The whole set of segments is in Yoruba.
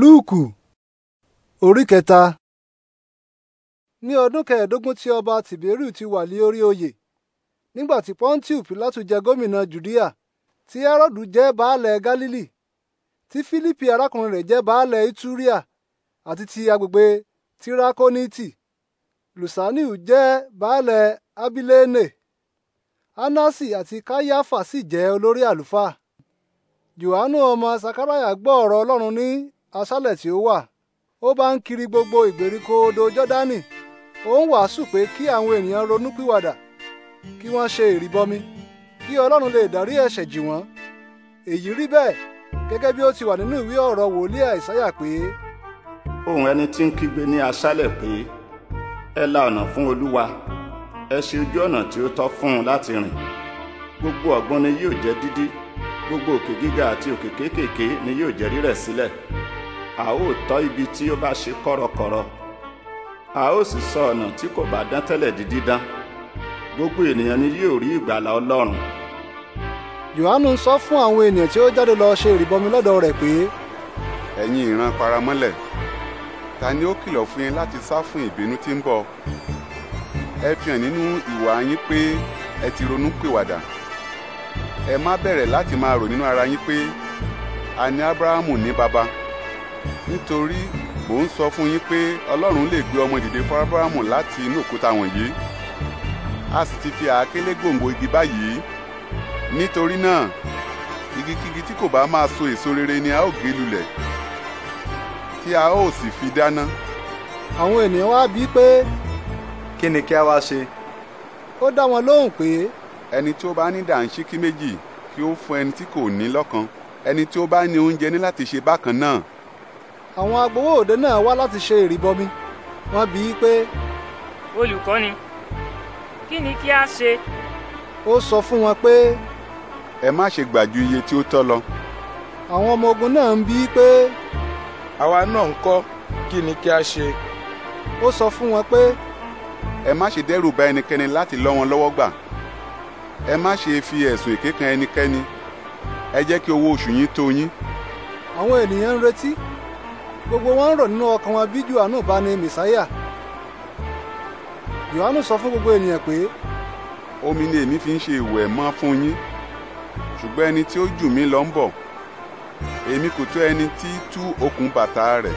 lúùkù orí kẹta. ní ọdún kẹẹ̀ẹ́dógún tí ọba tìbẹ́rù ti wà lé orí oyè nígbà tí pontiu pilatu jẹ gómìnà judea tí herodu jẹ baálẹ̀ galili tí filipi arákùnrin rẹ̀ jẹ baálẹ̀ ituria àti ti agbègbè tirakoniti lusaniu jẹ baálẹ̀ abilene anasi àti kayafa sì jẹ olórí àlùfáà johanu ọmọ sakaraya gbọ́ ọ̀rọ̀ ọlọ́run ní aṣálẹ̀ tí ó wà ó bá ń kiri gbogbo ìgbèríko odò jọ́dánì ó ń wàásù pé kí àwọn ènìyàn ronú kí wọ́n ṣe ìrìbọmi kí ọlọ́run lè dárí ẹ̀ṣẹ̀ jì wọ́n èyí rí bẹ́ẹ̀ gẹ́gẹ́ bí ó ti wà nínú ìwé ọ̀rọ̀ wòlíì àìsáyà pé. ohùn ẹni tí ń kígbe ní aṣálẹ̀ pé ẹ la ọ̀nà fún olúwa ẹ ṣe ojú ọ̀nà tí ó tọ́ fún un láti rìn gbogbo ọ̀gbun ni yóò jẹ́ dídí gbogbo òkè gíga àti òkè kéékèèké ni yóò jẹ́ rírẹ̀ sílẹ̀. Si a ó tọ́ ibi tí ó bá ṣe kọ̀rọ̀kọ̀rọ̀ a ó sì sọ ọ̀nà tí kò bá dán tẹ́lẹ̀ di dídán gbogbo ènìyàn ni yóò rí ìgbàlà ọlọ́run. Jòhánù sọ fún àwọn ènìyàn tí ó jáde lọ ṣe ìrìbọmi lọ́dọ̀ rẹ̀ pé. ẹ̀yin ìran paramọ́lẹ̀ ta ni ó kìlọ̀ fún yín láti sá fún ìbínú tí ń bọ̀ ẹ fi hàn nínú ìwà yín pé ẹ ti ronú pìwàdà ẹ má bẹ̀rẹ̀ láti máa rò nínú ara yín pé a ní Ábúráhámù ní baba nítorí mò ń sọ fún yín pé ọlọ́run lè gbé ọmọ dìde fún láti inú òkúta wọ̀nyí a sì ti fi àákélé gbòǹgbò igi báyìí nítorí náà igikígi tí kò bá máa so èso rere ni a ó gé lulẹ̀ tí a ó sì fi dáná. àwọn ènìyàn wá bí pé. kí ni kí a wá ṣe. ó dá wọn lóhùn pé. ẹni tí ó bá ní dàńṣíkí méjì kí ó fún ẹni tí kò ní lọ́kan ẹni tí ó bá ní oúnjẹ ní láti ṣe bákan náà àwọn agbowó òde náà wá láti ṣe ìrìbọmi wọ́n bi í pé. olùkọ́ni kí ni kí a ṣe. ó sọ fún wọn pé. ẹ má ṣe gbà ju iye tí ó tọ́ lọ. àwọn ọmọ ogun náà ń bi í pé. àwa náà ń kọ́ kí ni kí a ṣe. ó sọ fún wọn pé. ẹ má ṣe dẹ́rù bà ẹnikẹ́ni láti lọ́ wọn lọ́wọ́ gbà ẹ má ṣe fi ẹ̀sùn èké kan ẹnikẹ́ni ẹ jẹ́ kí owó oṣù yín tó yín. àwọn ènìyàn ń retí gbogbo wọn ń rò nínú ọkàn wọn bí Jòhánù bá ní mẹsáyà Jòhánù sọ fún gbogbo ènìyàn pé. omi ni èmi fi ń ṣe ìwẹ̀ mọ́ fún yín ṣùgbọ́n ẹni tí ó jù mí lọ ń bọ̀ èmi kò tó ẹni tí tú okùn bàtà rẹ̀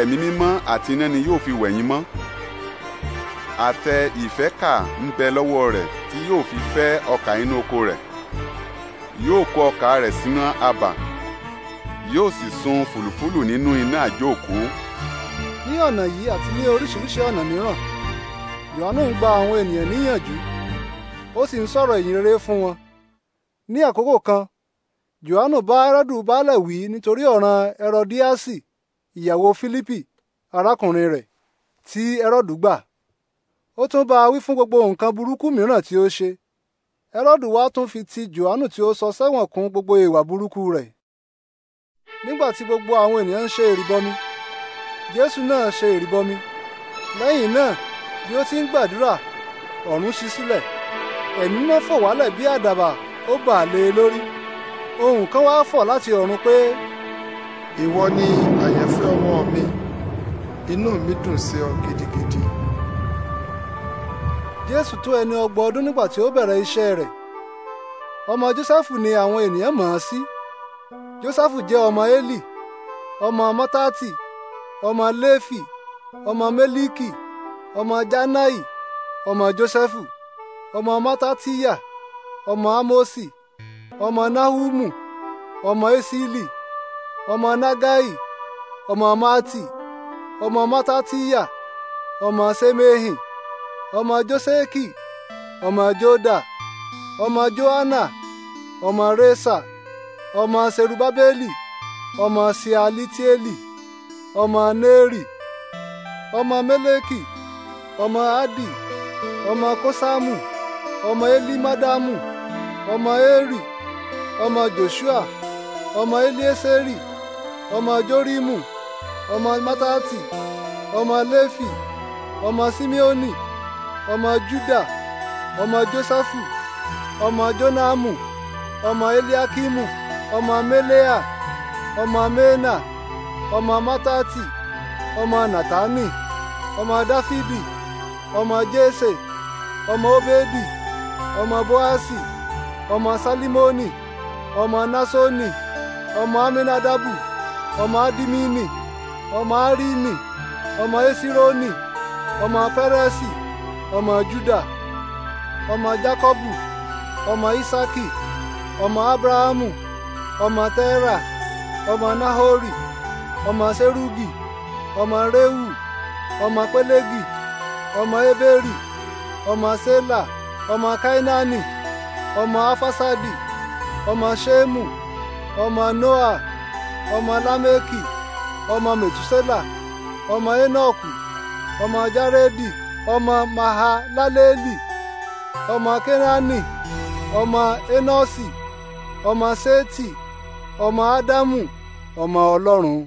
ẹ̀mí mímọ́ àti iná ni yóò fi wẹ̀ yín mọ́ àtẹ ìfẹ́kà ń bẹ lọ́wọ́ rẹ̀ tí yóò fi fẹ́ ọkà inú oko rẹ̀ yóò kó ọkà rẹ̀ sínú abà yóò sì sun fùlùfùlù nínú iná àjóòkú. ní ọ̀nà yìí àti ní oríṣiríṣi ọ̀nà mìíràn Jòhánù ń gba àwọn ènìyàn níyànjú ó sì ń sọ̀rọ̀ ìyìn rere fún wọn. ní àkókò kan Jòhánù bá Hẹ́rọ́dù baálẹ̀ wí nítorí ọ̀ràn Ẹrọdíásì ìyàwó Fílípì arákùnrin rẹ̀ tí Hẹ́rọ́dù gbà ó tún bá a wí fún gbogbo nǹkan burúkú mìíràn tí ó ṣe Hẹ́rọ́dù wá tún fi ti Jòhánù tí ó sọ sẹ́wọ̀n kún gbogbo ìwà burúkú rẹ̀ nígbà tí gbogbo àwọn ènìyàn ń ṣe ìrìbọmi jésù náà ṣe ìrìbọmi lẹ́yìn náà bí ó ti ń gbàdúrà ọ̀run ṣí sílẹ̀ ẹ̀mí mọ́ fọ̀ wálẹ̀ bí àdàbà ó bà lé e lórí ohùn kan wá fọ̀ láti ọ̀run pé. ìwọ ni àyànfẹ́ ọmọ mi inú mi dùn sí ọ gidigidi. jésù tó ẹni ọgbọ̀n ọdún nígbà tí ó bẹ̀rẹ̀ iṣẹ́ rẹ̀ ọmọ jósẹ́fù ni àwọn ènìyàn mọ̀ ọ́n sí. Si jósẹ́fù jẹ́ ọmọ eli ọmọ mọ́tátì ọmọ léfì ọmọ mélíkì ọmọ jánáì ọmọ jósẹ́fù ọmọ mọ́tátíyà ọma amosi, ọmọ náhúmù ọma esili ọmọ nágáì ọmọ mátì ọmọ mọ́tátíyà ọma semehi ọma jósẹ́kì ọma jódà ọma johanna ọma resa ọmọ serubábélì ọmọ sealitieli ọmọ neri ọmọ meleki ọmọ adi ọmọ kosamu ọmọ elimadamu ọmọ eri ọmọ joshua ọmọ elieseri ọmọ jorimu ọmọ matati ọmọ lefi ọmọ simeoni ọmọ juda ọmọ josafu ọmọ jonamu ọmọ eliakimu ọmọ melea ọmọ mena ọmọ matati ọmọ natani ọmọ Dafidi, ọmọ jésè ọmọ obedi ọmọ boasi ọmọ salimoni ọmọ nasoni ọmọ aminadabu ọmọ adimini ọmọ arini ọmọ esironi ọmọ pẹrẹsi ọmọ juda ọmọ jakobu ọmọ isaki ọmọ abrahamu ọmọ tẹ́rà ọmọ nahori ọmọ serugi ọmọ rehu ọmọ pelegi ọmọ eberi ọmọ sela ọmọ kainani ọmọ afasadi ọmọ shemu ọmọ noa ọmọ lameki ọmọ metusela ọmọ enoku ọmọ jaredi ọmọ mahalaleli ọmọ kenani ọmọ enosi ọmọ seti ọmọ ádámù ọmọ ọlọ́run.